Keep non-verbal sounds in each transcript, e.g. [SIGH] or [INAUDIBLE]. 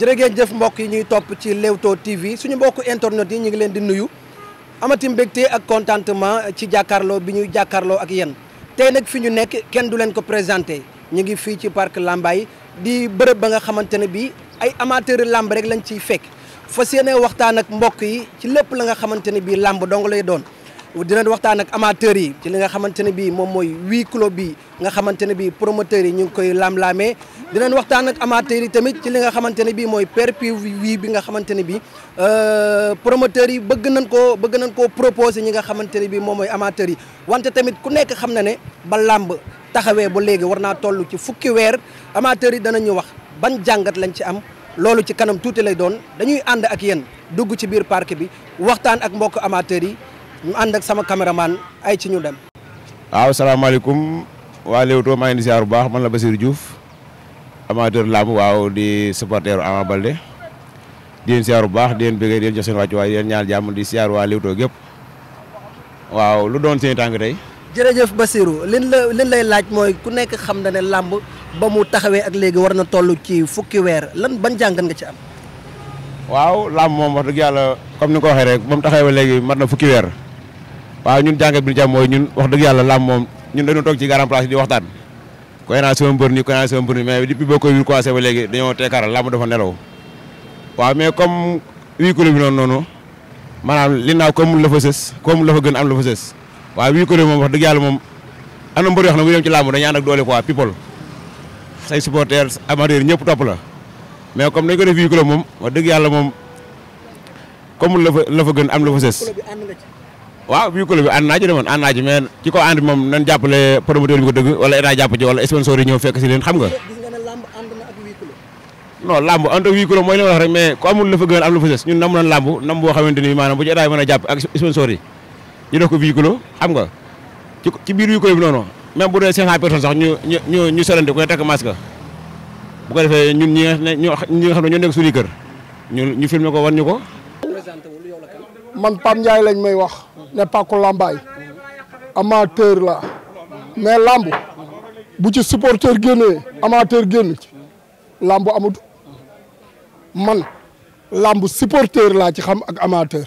jërë ngeen jëf mbokk yi ñuy topp ci Leewtoo TV suñu mbokk internet yi ñu ngi leen di nuyu amati mbégte ak contentement ci jàkkaarloo bi ñuy jàkkaarloo ak yéen tey nag fi ñu nekk kenn du leen ko présenté ñu ngi fii ci parc Lambaye di bërëb ba nga xamante ne bii ay amateur lamb rek lañ ciy fekk fas yéene waxtaan ak mbokk yi ci lépp la nga xamante ne bii lamb dong lay doon. dinañ waxtaan ak amateurs yi ci li nga xamante ne bii moom mooy huis clos bi nga xamante ne bii promoteurs yi ñu ngi koy lam-laamee dinañ waxtaan ak amateur yi tamit ci li nga xamante ne bii mooy perpétuité bi nga xamante ne bii euh, promoteurs yi bëgg nañ koo bëgg nañ koo proposer ñi nga xamante ne bii moom mooy amateur yi wante tamit ku nekk xam na ne ba làmb taxawee ba léegi war naa toll ci fukki weer amateurs yi danañu wax ban jàngat lañ ci am loolu ci kanam tuuti lay doon dañuy ànd ak yéen dugg ci biir parc bi waxtaan ak mbokk amateurs yi mu ànd ak sama caméraman ay ci ñu dem. waaw salaamaaleykum waa Leewtoo maa ngi di ziar bu baax man la Basir Diouf amateur làmb waaw di supporteru Ama Baldé di leen bu baax di leen bëggee di jox seen wàccuwaay di leen ñaan jàmm di ziar waa Leewtoo gépp waaw lu doon seen tànk tey. jërëjëf Basirou lin la lin lay laaj mooy ku nekk xam na ne làmb ba mu taxawee ak léegi war na toll ci fukki weer lan ban jàngat nga ci am. waaw làmb moom wax dëgg yàlla comme ni ko waxee rek ba mu taxawee léegi mat na fukki weer. waaw ñun jàngat bi ñu ci mooy ñun wax dëgg yàlla làmb moom ñun dañoo toog ci grand place di waxtaan koy naa sama mbër nii koy naa sama mbër nii mais depuis boo koy wir commencé waaw mais comme huit kilos bi noonu maanaam li naaw comme la fa sës comme la fa gën am la fa sës waaw huit moom wax dëgg yàlla moom am na mbër yoo xam ne bu dem ci làmb dañuy ànd ak doole quoi people say supporters ñëpp topp la mais comme dañ ko moom wax dëgg yàlla moom comme la fa la fa gën am la fa sës waaw bii kuréel bi ànd naa ci demoon ànd naa ci mais ci ko ànd moom nañ jàppale promoteur bi ko dëgg wala état jàpp ci wala sponsor yi ñëw fekk si leen xam nga non làmb en tant que mooy li wax rek mais ku amul la fa gën am la fa sës nam làmb nam boo xamante ni maanaam bu ci état yi mën a jàpp ak sponsor yi ñu def ko huis clos xam nga ci ci biir huis clos bi noonu même bu dee 500 personnes sax ñu ñu ñu ñu solante ku ne takk masque bu ko defee ñun ñi nga ñi nga xam ne ñoo nekk suñu kër ñu ñu filmé ko wan ñu ko man Pam Ndiaye lañ may wax ne Pàkku Lambaay amateur la mais làmb bu ci supporteur génnee amateur génn ci lamb amatu man làmb supporteur laa ci xam ak amateur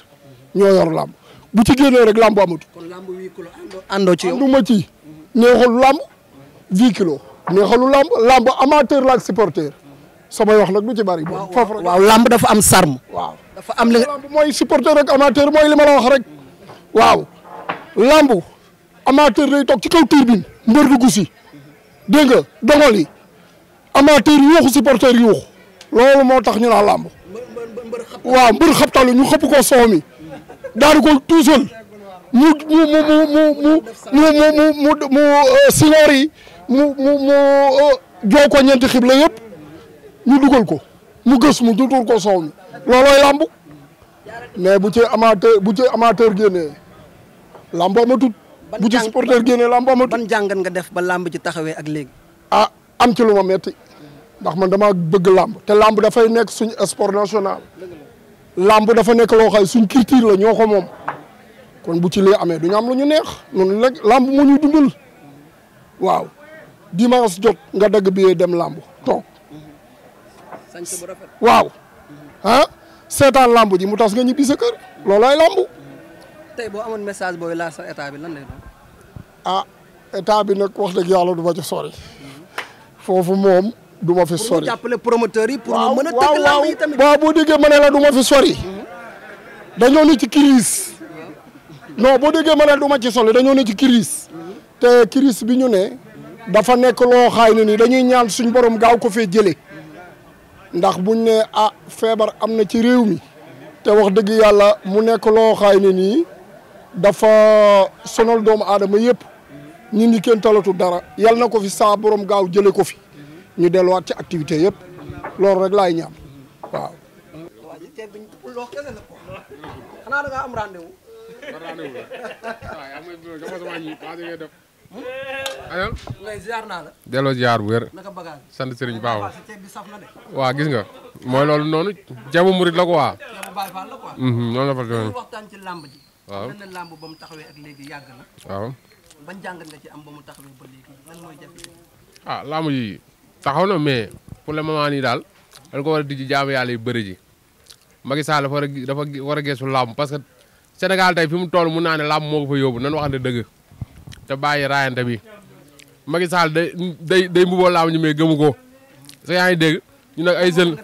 ñoo yor lamb bu ci génnee rek lamb amatu. kon ci yow ma ci neexalu lamb kilo kilos neexalu lamb lamb amateur la ak supporteur samay wax nag du ci bari. waaw waaw lamb dafa am sarme waaw. dafa am li lamb mooy supporter ak amateur mooy li ma la wax rek waaw lamb amateur day toog ci kaw turbine mbër dugg si dégg nga dongal yi amateur yuuxu supporter yuuxu loolu moo tax ñu naan lamb waaw mbër xabtalu ñu xëpp ko soow mi daanu ko tuusal mu mu mu mu mu sinoor yi mu mu mu joo ko xibla yëpp ñu dugal ko mu gës mu ñu ko soow mi loolooy lamb mais bu ci amateur bu ci amateur génnee lamb amatut bu ci supporter génnee lamb amatut ban jàngat nga def ba làmb ci taxawee ak léegi ah am ci lu ma metti ndax man dama bëgg làmb te làmb dafay nekk suñ sport national làmb dafa nekk loo suñ culture la ñoo ko moom kon bu ci lii amee du ñu am lu ñu neex noonu rek làmb moo ñuy dundal waaw dimanche jot nga dagg billet dem làmb toog waaw ah seetaan lamb ji mu tas nga ñibbi sa kër loolooy lamb. tey boo amoon message booy laaj sa état bi lan lay doon. ah état bi nag wax dëgg yàlla du ma ci sori. foofu moom du ma fi sori. pour ñu jàppale promoteurs yi pour ñu mën a tëgg lamb waaw boo déggee ma ne la du ma fi sori. dañoo ne ci crise non boo déggee ma ne du ma ci sori dañoo ne ci crise te crise bi ñu ne dafa nekk loo xaay ne ni dañuy ñaan suñ borom gaaw ko fee jëlee. ndax buñ ne ah feebar am na ci réew mi te wax dëgg yàlla mu nekk loo xaay ne nii dafa sonal doomu aadama yëpp ñu ngi kenn talatu dara yal na ko fi saa boroom gaaw jële ko fi ñu delluwaat ci activité yëpp loolu rek laay ñaan waaw. xanaa da nga am rendez-vous. ayol ziar bu wér. naka bagaal sant Serigne Baaw. waaw gis nga mooy loolu noonu. jabu murit la ko waa. jabu Baay mhm, ji. ba mu taxawee ak léegi ci am ba mu taxawee yi ah, taxaw na mais pour le moment nii daal dañ ko war a dijji jaamu yàlla yu bëri ji. Macky Sall dafa war a war a geesu làmb parce que Sénégal tey fi mu toll mun naa ne làmb moo ko fa yóbbu nan waxante dëgg. te bàyyi raayante bi Macky Sall day day day mbuboo laamu ñu mais gëmu ko sa yaa ngi dégg ñu nag ay jeunes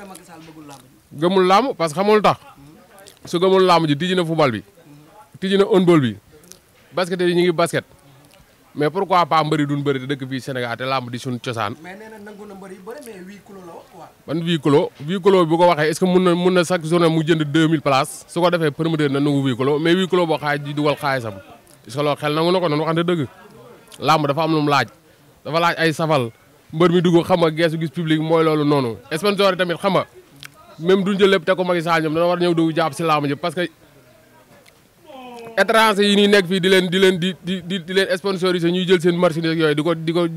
gëmul laamu parce que xamul tax su gëmul laamu ji tijji na football bi tijji na handball bi basket yi ñu ngi basket mais pourquoi pas mbëri duñ bëri te dëkk fii Sénégal te làmb di suñu cosaan. la wax ban huis clos huis clos bi ko waxee est mun na mun na chaque journée mu jënd 2000 places su ko defee promoteur na nangu huis clos mais huis clos boo xaaj di dugal xaalisam. parce que loolu xel nangu na ko noonu waxante dëgg làmb dafa am lu mu laaj dafa laaj ay safal mbër mi dugg xam geesu gis public mooy loolu noonu sponsor yi tamit xam nga même duñ jël lépp te ko magi saa ñoom dana war ñëw dugg jàpp si làmb yi ñuy nekk fii di leen di leen di di di leen sponsoriser ñuy jël seen marchandise yooyu di di ko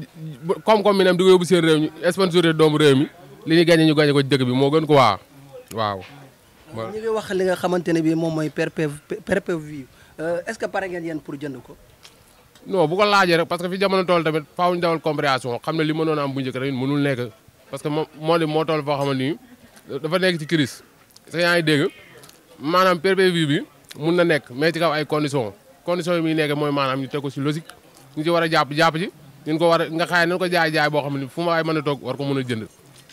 ko yóbbu seen réew mi sponsoriser doomu réew mi li ñuy bi moo gën quoi waaw. ñu ngi wax li nga xamante ne moom mooy perpé perpé Euh, est-ce que pare ngeen yéen pour jënd ko. non bu ko laajee rek parce que fi jamono tool tamit faaw ñu dawal compréhension xam ne li mënoon a am bu njëkk rek mënul nekk parce que dafa nekk ci yaa ngi dégg maanaam PPV bi mun na nekk mais ci kaw ay condition condition yi muy nekk mooy maanaam ñu teg ko si logique ñu ci war a jàpp jàpp ci ñu ko war a nga xaay nañ ko jaay jaay boo xam ne fu ma waay mën a toog war ko mën a jënd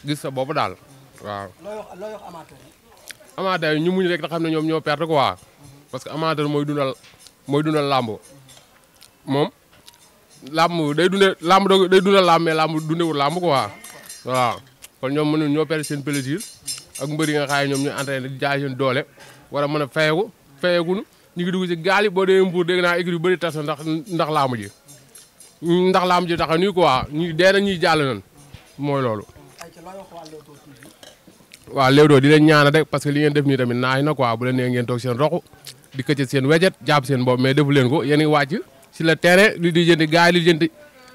gis sa bopp daal waaw. looy wax looy wax ñu muñ rek nga xam ne ñoom ñoo perte quoi. parce que amateur mooy dundal mooy dundal làmb moom làmb day dundee làmb day dundal làmb mais làmb dundewul làmb quoi waaw kon ñoom mënuñ ñoo perdre seen plaisir ak mbër yi nga xaay ñoom ñu entraîné di jaay seen doole war a mën a fayeeku fayeekuñu ñu ngi dugg ci gaal yi boo dee mbuur dégg naa écrit yu bëri tas ndax ndax làmb ji ndax làmb ji tax nii quoi ñu dee na ñuy jàll nan mooy loolu waaw Leewtoo di leen ñaana rek parce que li ngeen def nii tamit naay na quoi bu leen nee ngeen di këcc seen wejet jàpp seen bopp mais defu ko yéen a ngi wàcc si le terrain li di jëndi gars yi li jëndi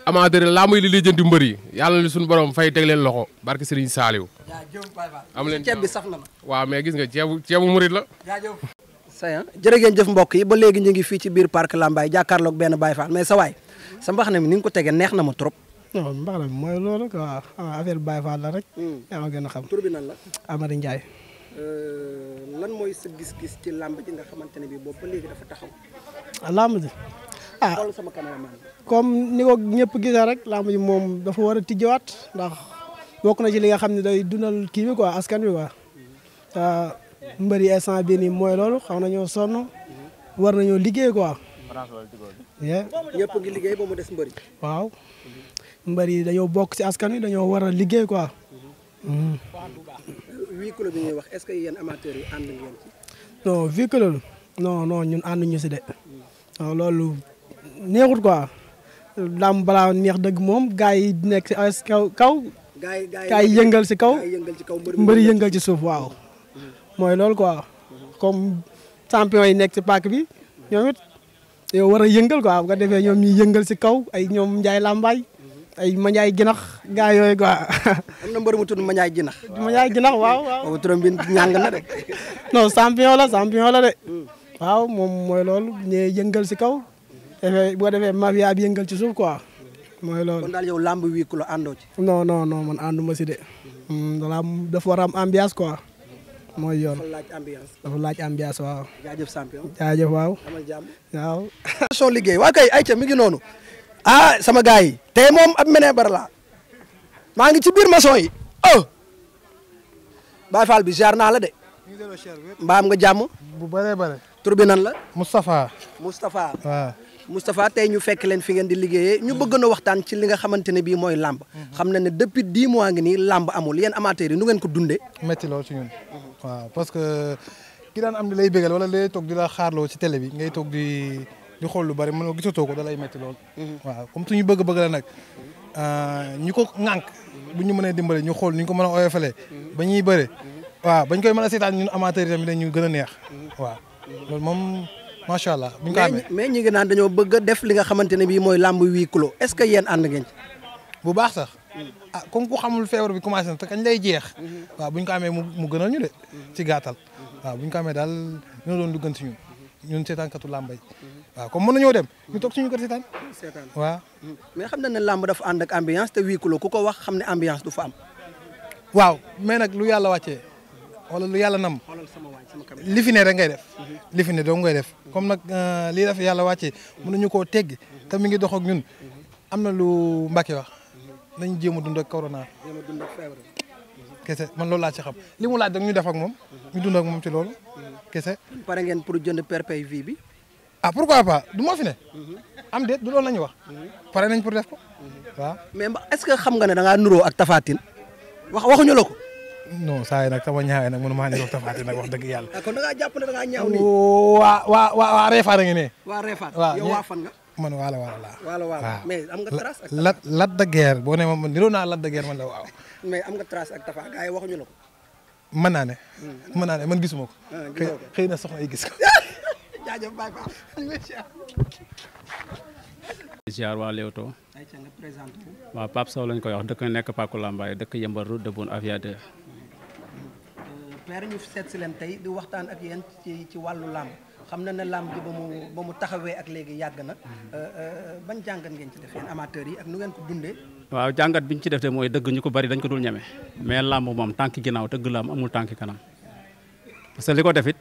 amateur laamu yi li di jëndi mbër yi yàlla na suñu borom fay teg leen loxo barke Serigne Saliou. am leen ceeb bi saf na ma. waaw mais gis nga ceebu ceebu murit la. sayan jërë ngeen jëf mbokk yi ba léegi ñu ngi fii ci biir parc Lambaye jàkkaarloog benn Baye Fall mais sa waay na mi ni nga ko tegee neex na ma trop. non mbax na mi mooy loolu quoi ah, affaire Baye Fall la rek. Hmm. yaa xam tur bi nan la Amady Ndiaye Euh, lan mooy sa gis-gis ci làmb ji nga xamante ne bii boobu ba léegi dafa taxaw. Ah, làmb ji ah sama caméraman comme ni ko ñëpp gisee rek làmb ji moom dafa war a tijjiwaat ndax bokk na ci li nga xam ne day dundal kii bi quoi askan bi quoi mm-hmm. ah, mbëri instant bii nii mooy loolu xaw nañoo sonn mm-hmm. war nañoo liggéey quoi. ñëpp ngi liggéey ba mu des mbëri. waaw mbëri dañoo bokk ci askan wi dañoo war a liggéey quoi. Mm-hmm. huis bi ñuy wax est-ce que yéen amateurs yi ànd ngeen ci. non huis clos non ñun ànd ñu si de. loolu neexut quoi. daam balaa neex dëgg moom gars yi nekk si as kaw kaw. gars yi yëngal si kaw mbëri yëngal ci suuf waaw. mooy loolu quoi comme champion yi nekk si paak bi ñoom it war a yëngal quoi bu ko ñoom ñuy yëngal si kaw ay ñoom Ndiaye Lambaye. ay Mandiaye Jinax gaa yooy quoi. am na mbër mu tudd Mandiaye Jinax. [LAUGHS] Mandiaye Jinax waaw waaw. [LAUGHS] la moom mooy lool ñee yëngal si kaw. defee boo defee mafia bi yëngal ci suuf quoi. mooy loolu làmb wii ku la àndoo ci. non non non man ànduma si de. Hmm, dafa am dafa war a am ambiance quoi. mooy waaw. waaw. waaw. [LAUGHS] soo liggéey waa kay ayca mi ngi noonu. ah sama gars yi tey moom ab mene bar la maa ngi ci biir maçon yi oh Baye Fall bi jaar naa la de mbaam nga jàmm bu bëree bëri tur bi la Moustapha Moustapha waaw Moustapha tey ñu fekk leen fi ngeen di liggéeyee ñu mm. bëgg na waxtaan ci li nga xamante ne bii mooy lamb mm-hmm. xam na ne depuis dix mois ngi nii làmb amul yéen amateurs yi nu ngeen ko dundee métti lool ci ñun mm-hmm. parce que ki daan am di lay bégal wala lay toog di la xaarloo ci tele bi ngay toog di di xool lu bari man ma ko dalay lay métti lool. Mhm. waaw comme suñu bëgg-bëgg la nag euh, ñu ko ŋànk bu ñu mënee dimbale ñu xool ni ñu ko mën a oyofalee ba ñuy bëre waaw bañ koy mën a seetaan ñun amateurs yi tamit dañu gën a neex waaw loolu moom macha allah bu ñu ko amee mais ñi ngi naan dañoo bëgg def li xamante ne bii mooy làmb huis clos est-ce que yéen ànd ngeen bu baax sax mm. ah comme ku xamul feebar bi commencé na te kañ lay jeex mm-hmm. waaw bu ñu ko amee mu gënal ñu mm-hmm. ci gàttal mm-hmm. waaw bu ñu ko amee daal ñoo doon lu gën si ñun ñun seetaankatu waaw comme mën nañoo dem ñu toog ñu ko seetaan seetaan waaw mais xam na ne làmb dafa ànd ak ambiance te huis clos ku ko wax xam ne ambiance du fa am waaw mais nag lu yàlla wàccee wala lu yàlla nam li fi ne rek ngay def mhm. li fi ne doo ngay def comme nag euh, li dafa yàlla wàccee mënuñu koo tegg mhm. te mi ngi dox ak ñun mhm. am na lu mbake wax nañ jéem a dund ak corona kese man loolu laa ci xam li mu laaj dag ñu def ak moom ñu dund moom ci loolu kese pare ngeen pour jënd perpay vie bi ah pourquoi pas du moo ne. am déet du loolu la ñu wax. pare nañ pour def ko mhm. waaw. mais est-ce que xam nga ne da ngaa nuroo ak tafaatin wax waxuñu la ko. saa yi nag sama ñaawee nag mënu maa niroog tafaatin nag wax dëgg yàlla. ah kon da ngaa waa a waa Réfane yow waa fan nga. man laa. waala waala mais am nga trace ak. lat lat de guerre boo nee ma man niroo naa lat de guerre man la waaw. mais am nga trace ak tafa gars yi waxuñu la ko. mën naa ne. Hmm. mën naa ne man gisuma ah, ko. xëy na soxna yi gis ko [LAUGHS] jaajëf Baye Fall [LAUGHS] ziar waa Leewtoo waaw Pape Sow lañ koy wax dëkk nekk Paku Lambaay dëkk yëmbal route de Boune Aviateur euh, père ñu seet si leen tey di waxtaan ak yéen ci ci wàllu làmb xam na ne làmb ji ba mu ba mu taxawee ak léegi yàgg na euh, euh, ban jàngat ngeen ci def yéen amateurs yi ak nu ngeen ko dundee waaw jàngat bi ci def de mooy dëgg ñu ko bari dañ ko dul ñeme mais làmb moom tànk ginnaaw dëgg làmb amul tànk kanam parce li ko defit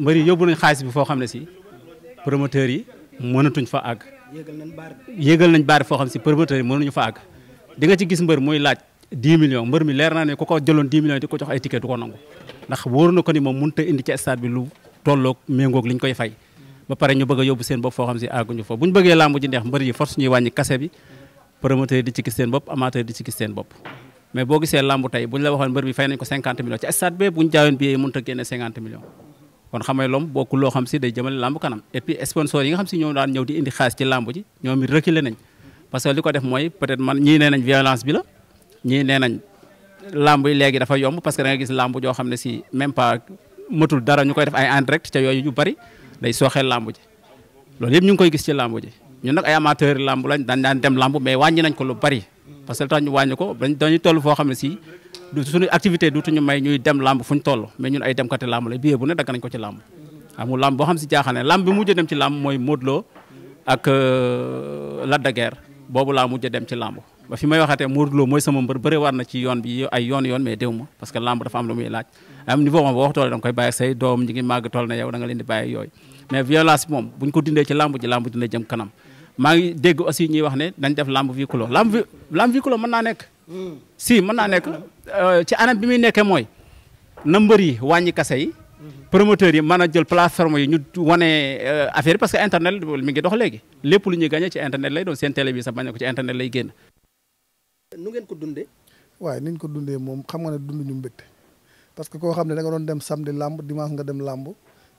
mbër yi yóbbu nañ xaalis bi foo xam ne si promoteurs yi mënatuñ fa àgg. yéegal ci gis mbër muy laaj 10 millions mbër mi leer naa ne ku ko jëloon 10 millions di ko jox ay ticket du ko nangu ndax wóor ko ni moom mënut a indi ci bi lu tolloog méngoog liñ koy fay ba pare ñu bëgg yóbbu seen bopp foo xam si àgguñu fa bu bëggee làmb ji neex mbër yi force ñuy wàññi kase bi promoteur yi di ci gis seen bopp amateur di ci gis seen bopp mais boo gisee kon xamay lom bokku loo xam si day jëmale làmb kanam et yi nga xam si ñoom daan ñëw di indi xaalis ci làmb ji ñoom it reculé nañ parce que li ko def mooy peut man ñii nee violence bi la ñii nee nañ làmb yi léegi dafa yomb parce que da gis làmb joo xam ne si même pas matul dara ñu koy def ay en direct ca yooyu yu bari day sooxee làmb ji loolu yëpp ñu ngi koy gis ci làmb ji ñun nag ay amateur làmb lañ daan dem làmb mais wàññi nañ ko lu bari parce que lu tax ñu wàññi ko dañuy toll foo xam ne si du suñu activité duutuñu may ñuy dem làmb fuñ toll mais ñun ay demkati làmb la billet bu ne dagg nañ ko ci làmb amul làmb boo xam bi mujj dem ci làmb mooy Modou Lo ak euh, Lac de boobu laa mujj dem ci làmb ba fi may waxatee Modou Lo mooy sama mbër bëre war na ci yoon bi ay yoon yoon mais déw ma parce que làmb dafa lu muy laaj am niveau moom boo wax tool da nga koy bàyyi say doom ñi ngi màgg toll na yow da nga leen di bàyyi yooyu mais violence bi moom buñ ko dindee ci làmb ji maa ngi dégg aussi ñuy wax ne dañ def lamb huis kuloo lamb lamb huis clos mën naa nekk. si mën naa nekk euh, ci anam bi muy nekkee mooy na mbër yi wàññi kase yi. promoteurs yi mën a jël plateforme yi ñu wane euh, affaire parce que internet mi ngi dox léegi lépp lu ñuy gagné ci internet lay doon seen télé bi sax bañ ko ci internet lay génn. nu ngeen ko dundee. waaye niñ ko dundee moom xam nga ne dund ñu mbégte parce que koo xam ne da nga doon dem samedi lamb dimanche nga dem lamb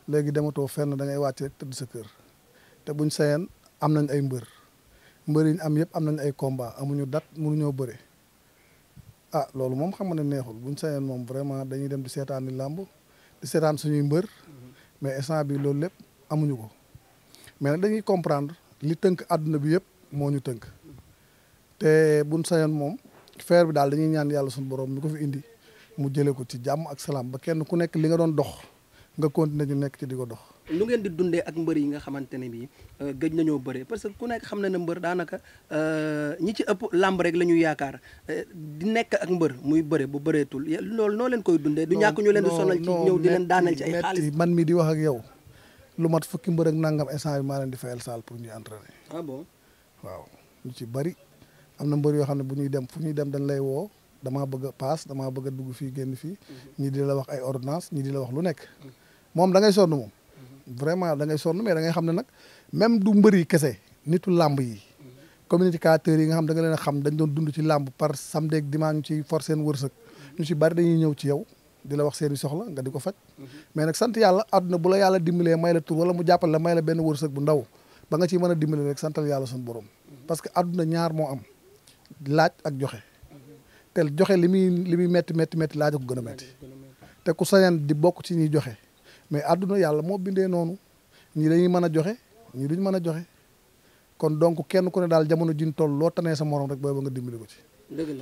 léegi dematoo fenn da ngay wàcc rek sa kër te buñ sayeen am nañ ay mbër mbër yi am yëpp am nañ ay combat amuñu date mënuñoo bëre ah loolu moom xam nga ne neexul buñ sañoon moom vraiment dañuy dem di seetaani di làmb di seetaan suñuy mbër mais instant bi loolu lépp amuñu ko mais nag dañuy comprendre li tënk àdduna bi yëpp moo ñu tënk te buñ sañoon moom feer bi daal dañuy ñaan yàlla suñu borom mi ko fi indi mu jëlee ko ci jàmm ak salaam ba kenn ku nekk li nga doon dox nga continuer ñu nekk ci di ko dox. lu ngeen di dundee ak mbër yi nga xamante ne bii euh, gëj nañoo bëree parce que ku nekk xam na ne mbër daanaka euh, ñi ci ëpp làmb rek la ñuy yaakaar euh, di nekk ak mbër muy bëre bu bëreetul lool noo leen koy dundee. du ñàkk ñu leen di sonal ci ñëw di leen daanal ci ay xaalis mi di wax ak yow lu mat fukki mbër ak nangam leen di fayal saal pour ñuy entraîner. Ah waaw ñu ci bari am na mbër yoo xam ne bu ñuy dem fu ñuy dem dañ lay woo damaa bëgg a damaa bëgg a dugg fii génn fii mhm. ñi la wax ay ordonnance ñi di la wax lu nekk mhm. moom da ngay sonn moom. vraiment da ngay sonn mais da ngay xam ne nag même du mbër yi kese nitu làmb yi. communicateurs yi nga xam da nga leen a xam dañ doon dund ci làmb par samedi ak dimanche ñu ciy for seen wërsëg. ñu ci bari dañuy ñëw ci yow di la wax seen i soxla nga di ko faj. mais nag sant yàlla àdduna bu la yàlla dimbalee may la tur wala mu jàppale la may la benn wërsëg bu ndaw ba nga ciy mën a dimbale rek santal yàlla suñu borom. parce que àdduna ñaar moo am laaj ak joxe. te joxe li muy li muy métti métti métti laaj ko gën a métti. te ku di bokk ci ñuy joxe. mais àdduna yàlla moo bindee noonu ñii dañuy mën a joxe ñii duñ mën a joxe kon donc kenn ku ne daal jamono jiñ toll loo tanee sa morom rek booy ba nga dimbali ko ci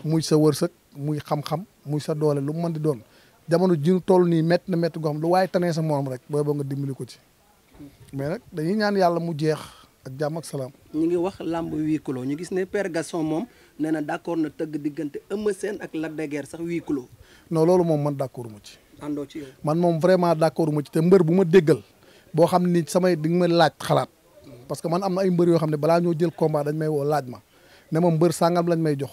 muy sa wërsëg muy xam muy sa doole lu mu mën di doon jamono jiñ toll nii métti na métti goo xam waaye tanee sa morom rek booy ba nga dimbali ko ci mais nag dañuy ñaan yàlla mu jeex ak jàmm ak salaam. ñu ngi wax làmb huis clos ñu gis ne Père Gaston moom nee na d' accord na tëgg diggante Eumeu Sène ak Lac de Guiers sax huis noo loolu moom man d' accord mu ci. àndoo ci man moom vraiment d' accord mu ci te mbër bu ma déggal boo xam ni samay di nga ma laaj xalaat parce que man am na ay mbër yoo xam ne balaa ñoo jël combat dañ may woo laaj ma ne sàngam lañ may jox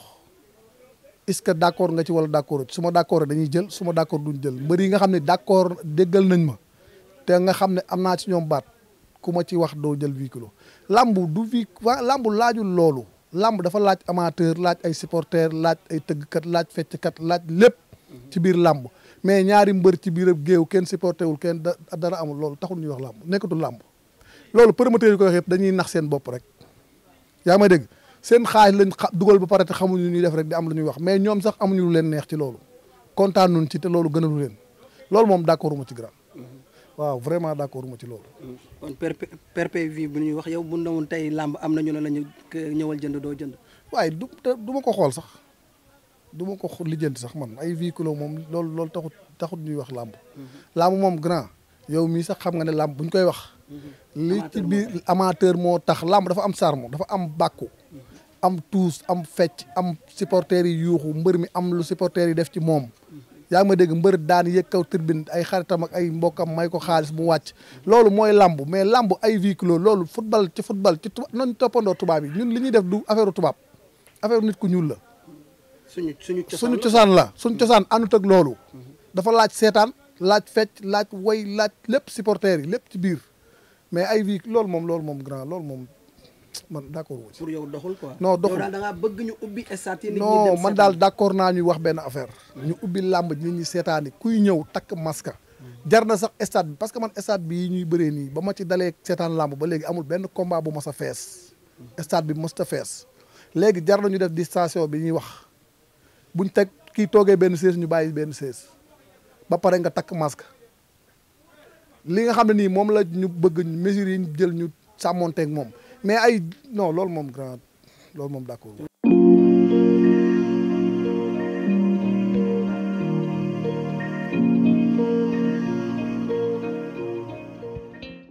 est ce que d' accord nga ci wala d' accord su ma d' jël su ma d' jël mbër yi nga xam ne d' déggal nañ ma te nga xam ne am naa ci ñoom baat ku ma ci wax doo jël huit kilo lambu du vi waa lambu laajul loolu. lamb dafa laaj amateur laaj ay supporter laaj ay tëggkat laaj fecckat laaj lépp ci biir lamb mais ñaari mbër ci biir géew kenn supporté wul kenn dara amul loolu taxul ñuy wax làmb nekkatul làmb loolu promoteur yi koy wax yëpp dañuy nax seen bopp rek yaa may dégg seen xaalis lañ dugal ba pare te xamuñu lu ñuy def rek di am lu ñuy wax mais ñoom sax amuñu leen neex ci loolu kontaan nuñ ci te loolu gënalu leen loolu moom d'accord ma ci grand mm-hmm. waaw vraiment d'accord ma ci loolu. Mm-hmm. kon per PPV bu ñuy wax yow bu ndawoon tey làmb am na ñu ne la ñu ñëwal jënd doo jënd. waaye du du ma ko xool sax. du ma ko lijjanti sax man ay véhicule moom loolu loolu taxut taxut ñuy wax làmb mhm. lamb moom grand yow mii sax xam nga ne làmb bu ñu koy wax mhm. li biir amateur moo tax làmb dafa am sarmo dafa am bàkku mhm. am tuus am fecc am supporters yi yuuxu mbër mi am lu supporters yi def ci moom yaa ngi ma dégg mbër daan yëg kaw tribune ay xaritam ay mbokkam may ko xaalis mu wàcc loolu mooy làmb mais làmb ay véhicule loolu football ci football ci tubaab nañ toppandoo tubaab yi ñun li ñuy def du affaire tubaab affaire nit ku ñuul la suñu suñu cosaan suñu cosaan la suñu cosaan àndut ak loolu. dafa laaj seetaan laaj fecc laaj way laaj lépp supporters yi lépp ci biir mais ay wi loolu moom loolu moom grand loolu moom man d' accord wu yow doxul quoi. non doxul bëgg ñu ubbi stade yi. nit ñi daal d' naa ñuy wax benn affaire. ñu ubbi làmb ñu ñi seetaani kuy ñëw takk maska jar na sax stade bi parce que man stade bii ñuy bëree nii ba ma ci dalee seetaan làmb ba léegi amul benn combat bu masa fees. stade bi mos a fees léegi jar na ñu def distanciation bi ñuy wax. buñ teg kii toogee benn sées ñu bàyyi benn sées ba pare nga takk masque li nga xam ne nii moom la ñu bëgg mesures yi ñu jël ñu sàmmonteeg moom mais ay no loolu moom grand loolu moom d'accord